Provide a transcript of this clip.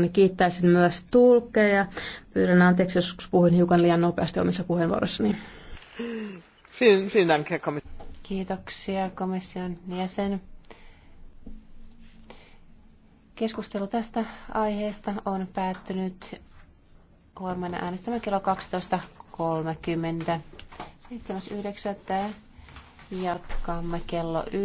niin Kiittäisin myös tulkkeja. Pyydän anteeksi, jos puhuin hiukan liian nopeasti omissa puheenvuorossani. Kiitoksia komission jäsen. Keskustelu tästä aiheesta on päättynyt huomenna äänestämään kello 12.30. 7.9. jatkamme kello 1.